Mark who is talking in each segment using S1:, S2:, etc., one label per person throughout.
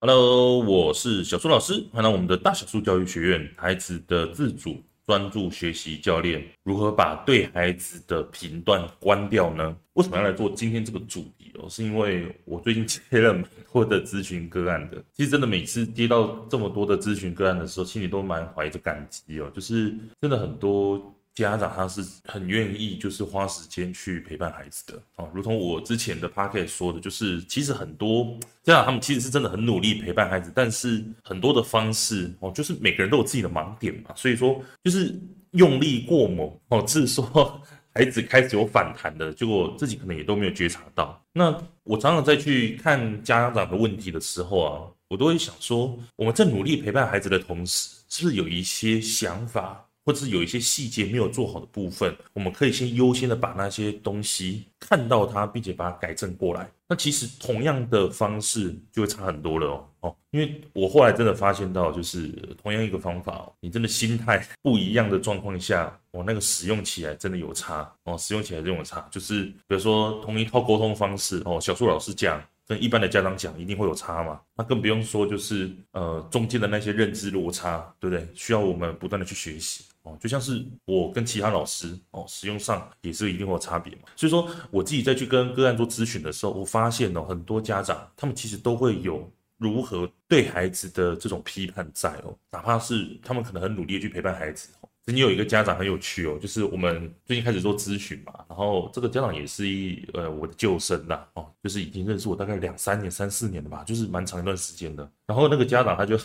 S1: Hello，我是小樹老師，歡迎來到我們的大小樹教育學院。孩子的自主專注學習教練，如何把對孩子的批判關掉呢？為什麼要來做今天這個主題哦？是因為我最近接了蠻多的諮詢個案的，其實真的每次接到這麼多的諮詢個案的時候，心裡都滿懷着感激哦，就是真的很多。家長他是很願意，就是花時間去陪伴孩子的啊、哦，如同我之前的 podcast 說的，就是其實很多家長他們其實是真的很努力陪伴孩子，但是很多的方式哦，就是每個人都有自己的盲點嘛，所以說就是用力過猛哦，或者說孩子開始有反彈的結果，自己可能也都沒有覺察到。那我常常在去看家長的問題的時候啊，我都會想說，我們在努力陪伴孩子的同時，是不是有一些想法？或者是有一些細節沒有做好的部分，我們可以先優先的把那些東西看到它，並且把它改正過來。那其實同樣的方式就會差很多了哦哦，因為我後來真的發現到，就是同樣一個方法，你真的心態不一樣的狀況下，哦，那個使用起來真的有差哦，使用起來真的有差。就是比如說同一套溝通方式哦，小樹老師講跟一般的家長講，一定會有差嘛。那更不用說就是呃中間的那些認知落差，對不對？需要我們不斷的去學習。就像是我跟其他老師哦，使用上也是有，一定會有差別嘛。所以說，我自己在去跟個案做諮詢的時候，我發現哦，很多家長他們其實都會有如何對孩子的這種批判在哦，哪怕是他們可能很努力的去陪伴孩子哦。曾經有一個家長很有趣哦，就是我們最近開始做諮詢嘛，然後這個家長也是一呃我的舊生吶、啊、哦，就是已經認識我大概兩三年、三四年了吧，就是蠻長一段時間的。然後那個家長他就。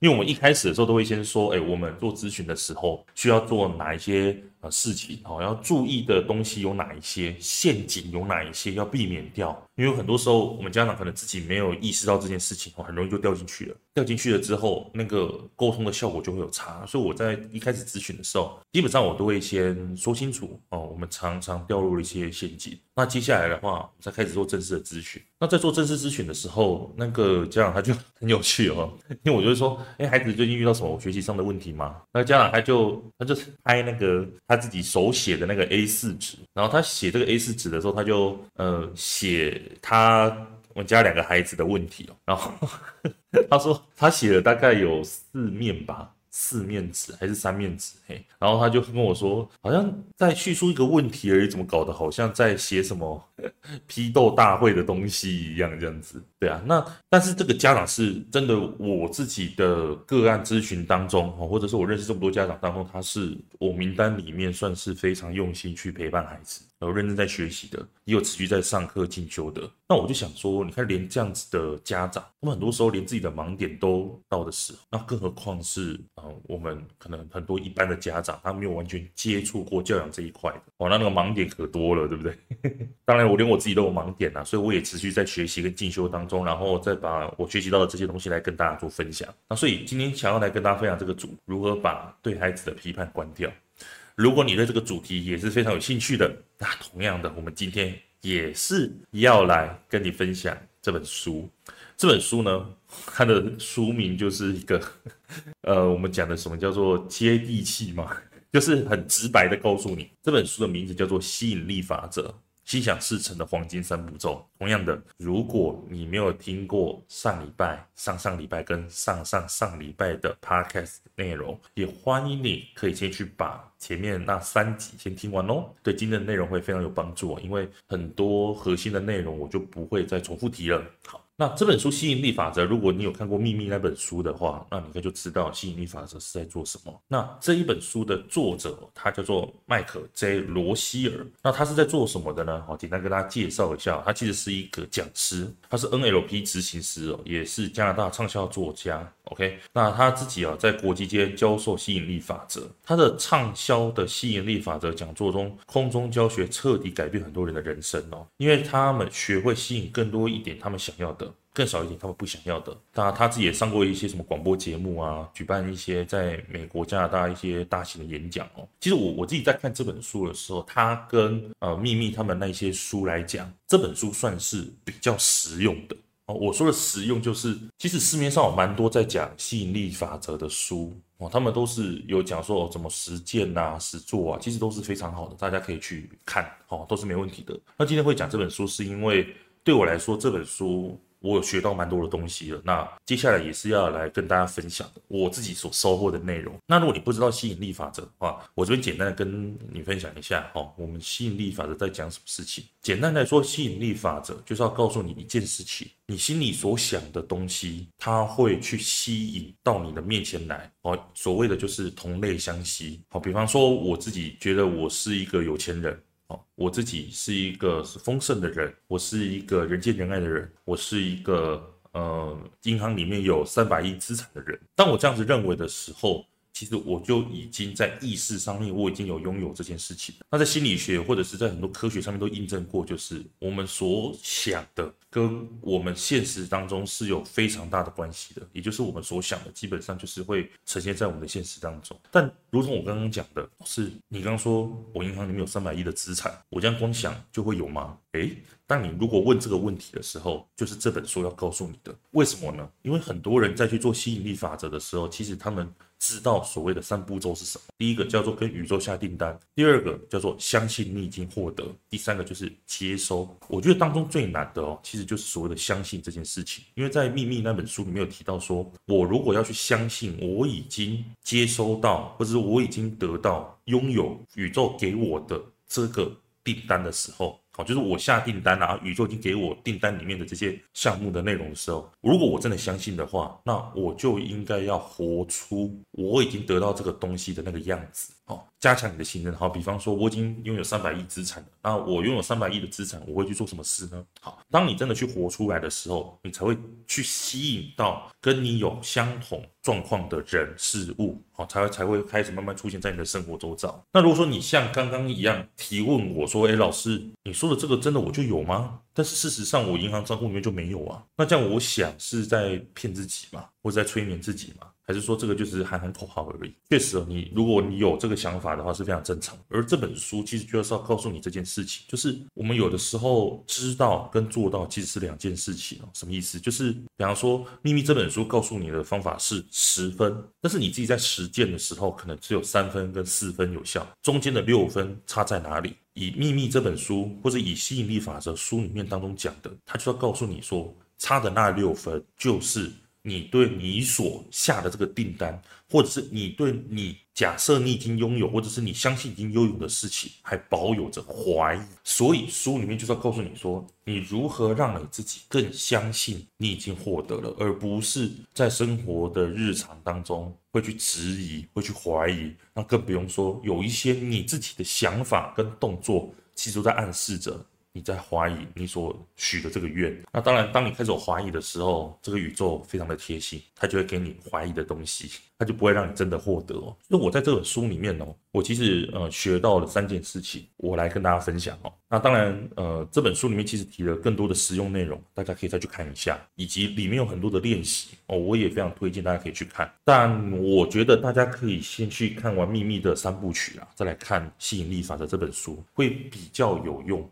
S1: 因為我們一開始的時候都會先說，哎、欸，我們做諮詢的時候需要做哪一些。啊，事情哦，要注意的東西有哪一些？陷阱有哪一些要避免掉？因為很多時候我們家長可能自己沒有意識到這件事情，哦，很容易就掉進去了。掉進去了之後，那個溝通的效果就會有差。所以我在一開始諮詢的時候，基本上我都會先說清楚哦，我們常常掉入了一些陷阱。那接下來的話，再開始做正式的諮詢。那在做正式諮詢的時候，那個家長他就很有趣哦，因為我就會說，誒，孩子最近遇到什麼學習上的問題嗎？那家長他就他就拍那個。他自己手寫的那個 A4 紙，然後他寫這個 A4 紙的時候，他就呃寫他我家兩個孩子的問題，然後呵呵他說他寫了大概有四面吧。四面紙還是三面紙？嘿，然後他就跟我說，好像在敘述一個問題而已，怎麼搞得，好像在寫什麼呵呵批鬥大會的東西一樣，這樣子。對啊，那但是這個家長是真的，我自己的個案諮詢當中，或者是我認識這麼多家長當中，他是我名單裡面算是非常用心去陪伴孩子。然後認真在學習的，也有持續在上課進修的。那我就想說，你看，連這樣子的家長，他們很多時候連自己的盲點都到的時候，那更何況是啊、呃，我們可能很多一般的家長，他沒有完全接觸過教養這一塊的，哇，那那個盲點可多了，對不對？ 當然，我連我自己都有盲點啊，所以我也持續在學習跟進修當中，然後再把我學習到的這些東西來跟大家做分享。那所以今天想要來跟大家分享這個組，如何把對孩子的批判關掉。如果你對這個主題也是非常有興趣的，那同樣的，我們今天也是要來跟你分享這本書。這本書呢，它的書名就是一個，呃，我們講的什麼叫做接地氣嘛，就是很直白的告訴你，這本書的名字叫做《吸引力法則》。心想事成的黃金三步驟。同樣的，如果你沒有聽過上禮拜、上上禮拜跟上上上禮拜的 podcast 內容，也歡迎你可以先去把前面那三集先聽完哦。對，今天的內容會非常有幫助，因為很多核心的內容我就不會再重複提了。好。那這本書《吸引力法則》，如果你有看過《秘密》那本書的話，那你應該就知道吸引力法則是在做什麼。那這一本書的作者他叫做麥可 J. 羅西爾，那他是在做什麼的呢？好，簡單跟大家介紹一下，他其實是一個講師，他是 NLP 執行師哦，也是加拿大暢銷作家。OK，那他自己啊，在國際間教授吸引力法則，他的暢銷的吸引力法則講座中，空中教學徹底改變很多人的人生哦，因為他們學會吸引更多一點他們想要的，更少一點他們不想要的。那他，他自己也上過一些什麼廣播節目啊，舉辦一些在美國、加拿大一些大型的演講哦。其實我我自己在看這本書的時候，他跟呃秘密他們那些書來講，這本書算是比較實用的。我說的實用，就是其實市面上有蠻多在講吸引力法則的書哦，他們都是有講說、哦、怎麼實踐吶、啊、實做啊，其實都是非常好的，大家可以去看哦，都是沒問題的。那今天會講這本書，是因為對我來說這本書，我有學到蠻多的東西了，那接下來也是要來跟大家分享我自己所收穫的內容。那如果你不知道吸引力法則的話，我這邊簡單的跟你分享一下哈，我們吸引力法則在講什麼事情？簡單來說，吸引力法則就是要告訴你一件事情：你心裡所想的東西，它會去吸引到你的面前來。哦，所謂的就是同類相吸。好，比方說我自己覺得我是一個有錢人。我自己是一個是豐盛的人，我是一個人見人愛的人，我是一個呃銀行裡面有三百億資產的人。當我這樣子認為的時候，其實我就已經在意識上面我已經有擁有這件事情。那在心理學或者是在很多科學上面都印證過，就是我們所想的。跟我們現實當中是有非常大的關係的，也就是我們所想的，基本上就是會呈現在我們的現實當中。但如同我剛剛講的，是，你剛剛說我銀行裡面有三百億的資產，我這樣光想就會有嗎？誒。但你如果問這個問題的時候，就是這本書要告訴你的。為什麼呢？因為很多人在去做吸引力法則的時候，其實他們知道所謂的三步驟是什麼。第一個叫做跟宇宙下訂單，第二個叫做相信你已經獲得，第三個就是接收。我覺得當中最難的哦，其實就是所謂的相信這件事情。因為在秘密那本書裡面有提到說，說我如果要去相信我已經接收到，或者是我已經得到擁有宇宙給我的這個訂單的時候。好，就是我下訂單啦、啊，宇宙已經給我訂單裡面的這些項目的內容的時候，如果我真的相信的話，那我就應該要活出我已經得到這個東西的那個樣子。加強你的信任。好，比方說，我已經擁有三百億資產了，那我擁有三百億的資產，我會去做什麼事呢？好，當你真的去活出來的時候，你才會去吸引到跟你有相同狀況的人事物，好，才會才會開始慢慢出現在你的生活周遭。那如果說你像剛剛一樣提問我說，欸，老師，你說的這個真的我就有嗎？但是事實上我銀行賬戶裡面就沒有啊。那這樣我想是在騙自己嗎，或者在催眠自己嗎？還是說這個就是喊喊口號而已，確實你如果你有這個想法的話是非常正常。而這本書其實就是要告訴你這件事情，就是我們有的時候知道跟做到其實是兩件事情。什麼意思？就是比方說《秘密》這本書告訴你的方法是十分，但是你自己在實踐的時候可能只有三分跟四分有效，中間的六分差在哪裡？以《秘密》這本書或者以吸引力法則書裡面當中講的，他就要告訴你說，差的那六分就是。你對你所下的這個訂單，或者是你對你假設你已經擁有，或者是你相信已經擁有的事情，還保有着懷疑。所以書裡面就是要告訴你說，你如何讓你自己更相信你已經獲得了，而不是在生活的日常當中會去質疑、會去懷疑。那更不用說有一些你自己的想法跟動作，其實都在暗示着。你在懷疑你所許的這個願，那當然，當你開始懷疑的時候，這個宇宙非常的貼心，它就會給你懷疑的東西，它就不會讓你真的獲得哦。所以，我在這本書裡面呢哦，我其實呃學到了三件事情，我來跟大家分享哦。那當然，呃，這本書裡面其實提了更多的實用內容，大家可以再去看一下，以及裡面有很多的練習哦，我也非常推薦大家可以去看。但我覺得大家可以先去看完《秘密》的三部曲啊，再來看《吸引力法則》的這本書，會比較有用。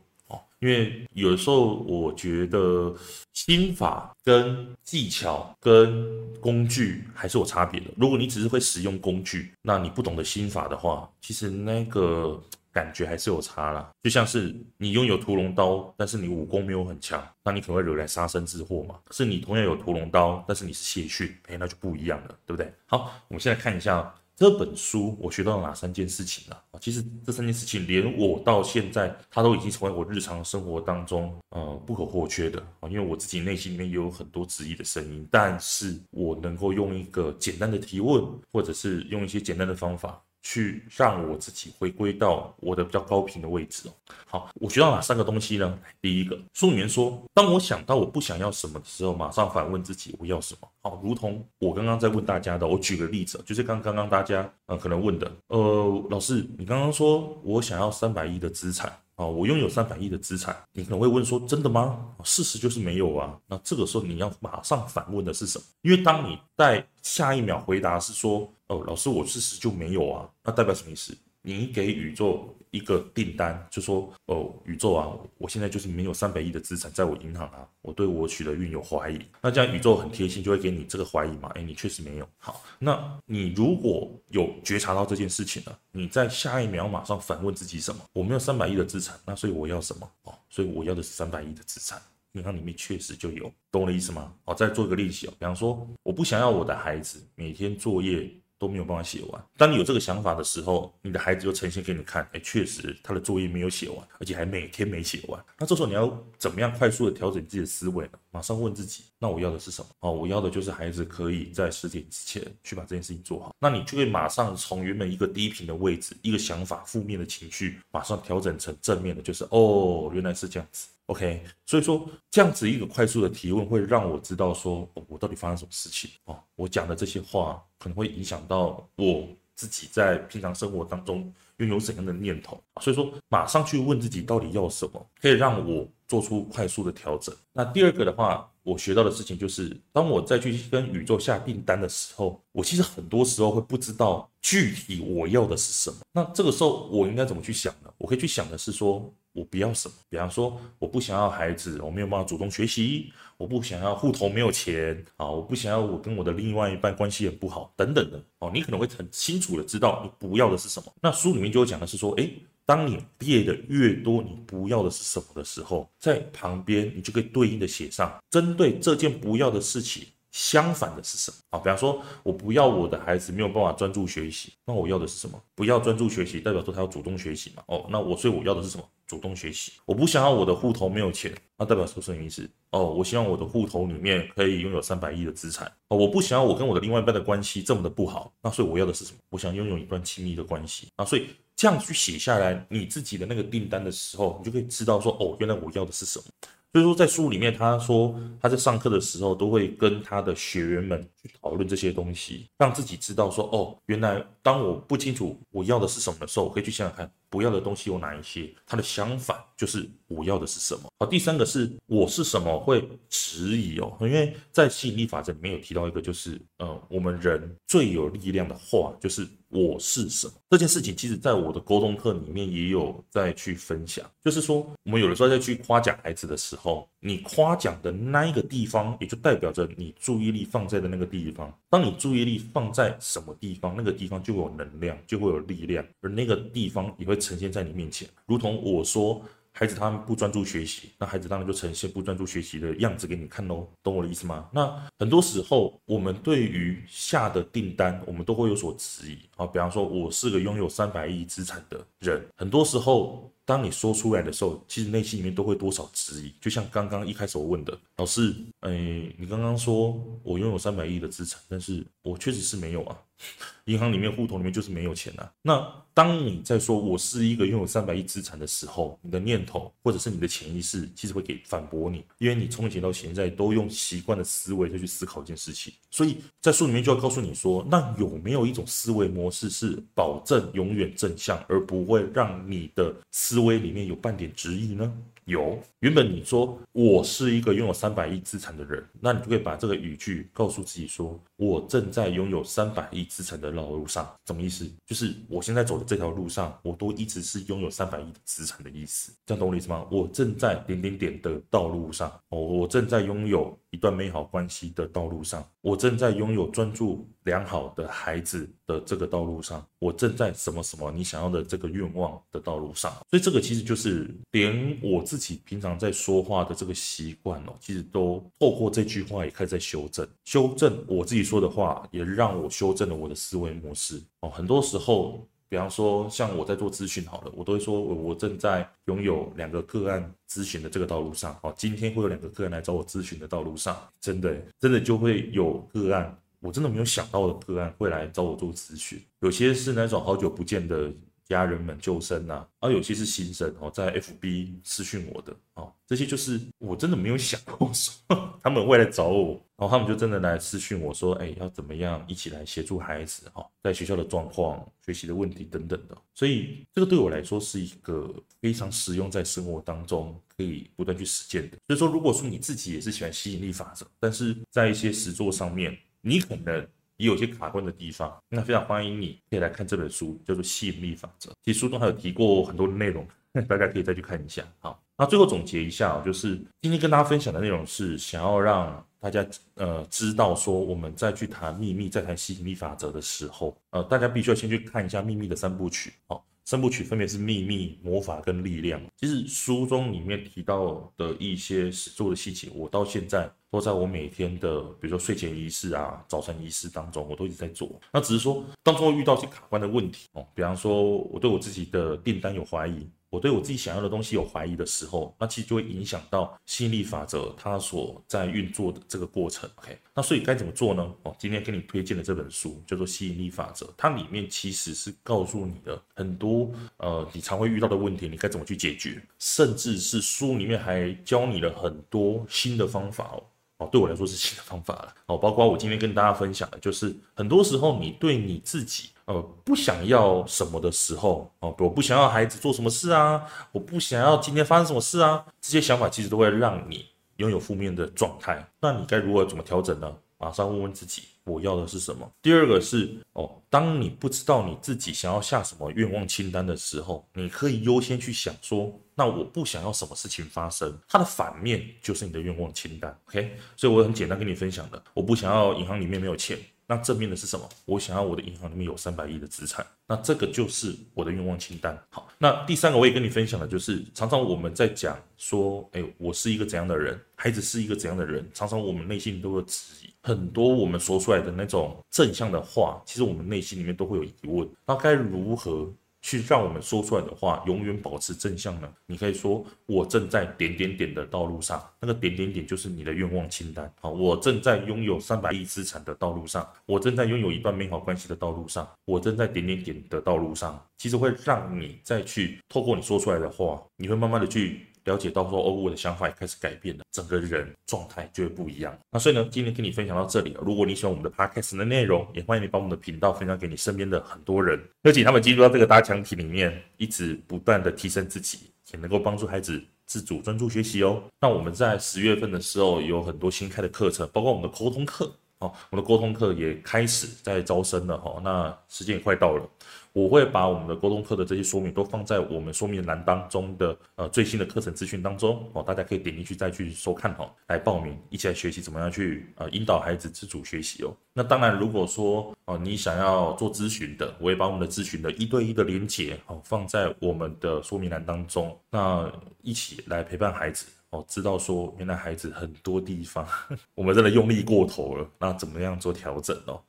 S1: 因為有時候，我覺得心法跟技巧跟工具還是有差別的。如果你只是會使用工具，那你不懂得心法的話，其實那個感覺還是有差啦。就像是你擁有屠龍刀，但是你武功沒有很強，那你可能會惹來殺身之禍嘛。可是你同樣有屠龍刀，但是你是謝遜，誒，那就不一樣了，對不對？好，我們現在看一下。這本書我學到了哪三件事情了啊？其實這三件事情，連我到現在，它都已經成為我日常生活當中呃不可或缺的啊。因為我自己內心裡面也有很多質疑的聲音，但是我能夠用一個簡單的提問，或者是用一些簡單的方法。去讓我自己回歸到我的比較高頻的位置。好，我學到哪三個東西呢？第一個，書裡面說，當我想到我不想要什麼的時候，馬上反問自己我要什麼。好，如同我剛剛在問大家的，我舉個例子，就是剛剛剛大家嗯可能問的，呃，老師，你剛剛說我想要三百億的資產啊，我擁有三百億的資產，你可能會問說，真的嗎？事實就是沒有啊。那這個時候你要馬上反問的是什麼？因為當你在下一秒回答是說。哦，老師，我事實就沒有啊，那代表什麼意思？你給宇宙一個訂單，就說哦，宇宙啊，我現在就是沒有三百億的資產在我銀行啊，我對我許的願有懷疑。那這樣宇宙很貼心，就會給你這個懷疑嘛？誒，你確實沒有。好，那你如果有覺察到這件事情了，你在下一秒馬上反問自己什麼？我沒有三百億的資產，那所以我要什麼？哦，所以我要的是三百億的資產，銀行裡面確實就有，懂我的意思嗎？好，再做一個練習哦，比方說，我不想要我的孩子每天作業。都沒有辦法寫完。當你有這個想法的時候，你的孩子就呈現給你看，哎，確實他的作業沒有寫完，而且還每天沒寫完。那這時候你要怎麼樣快速的調整自己的思維呢？馬上問自己，那我要的是什麼？哦，我要的就是孩子可以在十點之前去把這件事情做好。那你就會馬上從原本一個低頻的位置、一個想法、負面的情緒，馬上調整成正面的，就是哦，原來是這樣子。OK，所以說這樣子一個快速的提問會讓我知道說，哦，我到底發生什麼事情哦，我講的這些話可能會影響到我自己在平常生活當中擁有怎樣的念頭。啊，所以說，馬上去問自己到底要什麼，可以讓我做出快速的調整。那第二個的話，我學到的事情就是，當我再去跟宇宙下訂單的時候，我其實很多時候會不知道具體我要的是什麼。那這個時候我應該怎麼去想呢？我可以去想的是說，我不要什麼，比方說我不想要孩子，我沒有辦法主動學習，我不想要戶頭沒有錢啊，我不想要我跟我的另外一半關係也不好，等等的哦，你可能會很清楚的知道你不要的是什麼。那書裡面就講的是說，哎，當你列的越多，你不要的是什麼的時候，在旁邊你就可以對應的寫上，針對這件不要的事情。相反的是什麼啊？比方說，我不要我的孩子沒有辦法專注學習，那我要的是什麼？不要專注學習，代表說他要主動學習嘛。哦，那我所以我要的是什麼？主動學習。我不想要我的戶頭沒有錢，那、啊、代表說什麼意思？哦，我希望我的戶頭裡面可以擁有三百億的資產。哦，我不想要我跟我的另外一半的關係這麼的不好，那所以我要的是什麼？我想擁有一段親密的關係。那、啊、所以這樣去寫下來你自己的那個訂單的時候，你就可以知道說，哦，原來我要的是什麼。所以說，在書裡面，他說他在上課的時候都會跟他的學員們去討論這些東西，讓自己知道說哦，原來當我不清楚我要的是什麼的時候，我可以去想想看，不要的東西有哪一些。它的相反就是我要的是什麼。好，第三個是我是什麼會遲疑哦，因為在吸引力法則裡面有提到一個，就是呃，我們人最有力量的話就是我是什麼。這件事情其實在我的溝通課裡面也有在去分享，就是說我們有的時候在去誇獎孩子的時候。你誇獎的那一個地方，也就代表着你注意力放在的那個地方。當你注意力放在什麼地方，那個地方就會有能量，就會有力量，而那個地方也會呈現在你面前。如同我說，孩子他們不專注學習，那孩子當然就呈現不專注學習的樣子給你看哦，懂我的意思嗎？那很多時候，我們對於下的訂單，我們都會有所遲疑啊。比方說，我是個擁有三百億資產的人，很多時候。當你說出來的時候，其實內心裡面都會多少質疑。就像剛剛一開始我問的老師，哎、呃，你剛剛說我擁有三百億的資產，但是我確實是沒有啊，呵呵銀行裡面、戶頭裡面就是沒有錢啊。那當你在說我是一個擁有三百億資產的時候，你的念頭或者是你的潛意識，其實會給反駁你，因為你從以前到現在都用習慣的思維在去思考一件事情，所以在書裡面就要告訴你說，那有沒有一種思維模式是保證永遠正向，而不會讓你的思思維裡面有半點質疑呢？有，原本你說我是一個擁有三百億資產的人，那你就可以把這個語句告訴自己說：我正在擁有三百億資產的道路上。什麼意思？就是我現在走的這條路上，我都一直是擁有三百億資產的意思。這樣懂我意思嗎？我正在點點點的道路上，哦，我正在擁有。一段美好關係的道路上，我正在擁有專注良好的孩子的這個道路上，我正在什麼什麼你想要的這個願望的道路上。所以這個其實就是連我自己平常在說話的這個習慣哦，其實都透過這句話也開始在修正，修正我自己說的話，也讓我修正了我的思維模式哦。很多時候。比方說，像我在做諮詢好了，我都會說，我我正在擁有兩個個案諮詢的這個道路上，哦，今天會有兩個個案來找我諮詢的道路上，真的，真的就會有個案，我真的沒有想到的個案會來找我做諮詢，有些是那種好久不見的家人們舊生吶、啊，而、啊、有些是新生哦，在 FB 私訊我的，哦，這些就是我真的沒有想過說他們會來找我。然後他們就真的來私訊我說：“哎，要怎麼樣一起來協助孩子哈、哦，在學校的狀況、學習的問題等等的。”所以這個對我來說是一個非常實用，在生活當中可以不斷去實踐的。所以說，如果說你自己也是喜歡吸引力法則，但是在一些實作上面，你可能也有些卡關的地方，那非常歡迎你可以來看這本書，叫做《吸引力法則》。其實書中還有提過很多的內容，大家可以再去看一下。好，那最後總結一下啊，就是今天跟大家分享的內容是想要讓。大家呃知道說，我們在去談秘密，在談吸引力法則的時候，呃，大家必須要先去看一下秘密的三部曲，哦，三部曲分別是秘密、魔法跟力量。其實書中裡面提到的一些所做的事情，我到現在都在我每天的，比如說睡前儀式啊、早晨儀式當中，我都一直在做。那只是說當中會遇到一些卡關的問題哦，比方說我對我自己的訂單有懷疑。我對我自己想要的東西有懷疑的時候，那其實就會影響到吸引力法則它所在運作的這個過程。OK，那所以該怎麼做呢？哦，今天給你推薦的這本書叫做《吸引力法則》，它裡面其實是告訴你的很多呃你常會遇到的問題，你該怎麼去解決，甚至是書裡面還教你了很多新的方法哦。哦，對我來說是新的方法了。哦，包括我今天跟大家分享的就是，很多時候你對你自己。呃，不想要什麼的時候，哦、呃，比如我不想要孩子做什麼事啊，我不想要今天發生什麼事啊，這些想法其實都會讓你擁有負面的狀態。那你該如何怎麼調整呢？馬上問問自己，我要的是什麼？第二個是哦，當你不知道你自己想要下什麼願望清單的時候，你可以優先去想說，那我不想要什麼事情發生，它的反面就是你的願望清單。OK，所以我很簡單跟你分享的，我不想要銀行裡面沒有錢。那正面的是什麼？我想要我的銀行裡面有三百億的資產，那這個就是我的願望清單。好，那第三個我也跟你分享的，就是常常我們在講說，哎、欸，我是一個怎樣的人，孩子是一個怎樣的人，常常我們內心都會質疑很多，我們說出來的那種正向的話，其實我們內心裡面都會有疑問。那該如何？去讓我們說出來的話永遠保持正向呢？你可以說，我正在點點點的道路上，那個點點點就是你的願望清單。好，我正在擁有三百億資產的道路上，我正在擁有一段美好關係的道路上，我正在點點點的道路上。其實會讓你再去透過你說出來的話，你會慢慢的去。了解到說，哦，我的想法也開始改變了，整個人狀態就會不一樣。那所以呢，今天跟你分享到這裡。如果你喜歡我們的 podcast 的內容，也歡迎你把我們的頻道分享給你身邊的很多人，邀請他們進入到這個大家庭裡面，一直不斷的提升自己，也能夠幫助孩子自主專注學習哦。那我們在十月份的時候有很多新開的課程，包括我們的溝通課哦，我們的溝通課也開始在招生了哈。那時間也快到了。我會把我們的溝通課的這些說明都放在我們說明欄當中的呃最新的課程資訊當中哦，大家可以點進去再去收看哦，來報名一起來學習怎麼樣去呃引導孩子自主學習哦。那當然，如果說哦你想要做諮詢的，我也把我們的諮詢的一對一的連接哦放在我們的說明欄當中，那一起來陪伴孩子哦，知道說原來孩子很多地方我們真的用力過頭了，那怎麼樣做調整哦？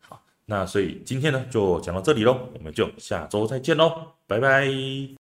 S1: 那所以今天呢就講到這裡嘍，我們就下周再見嘍，拜拜。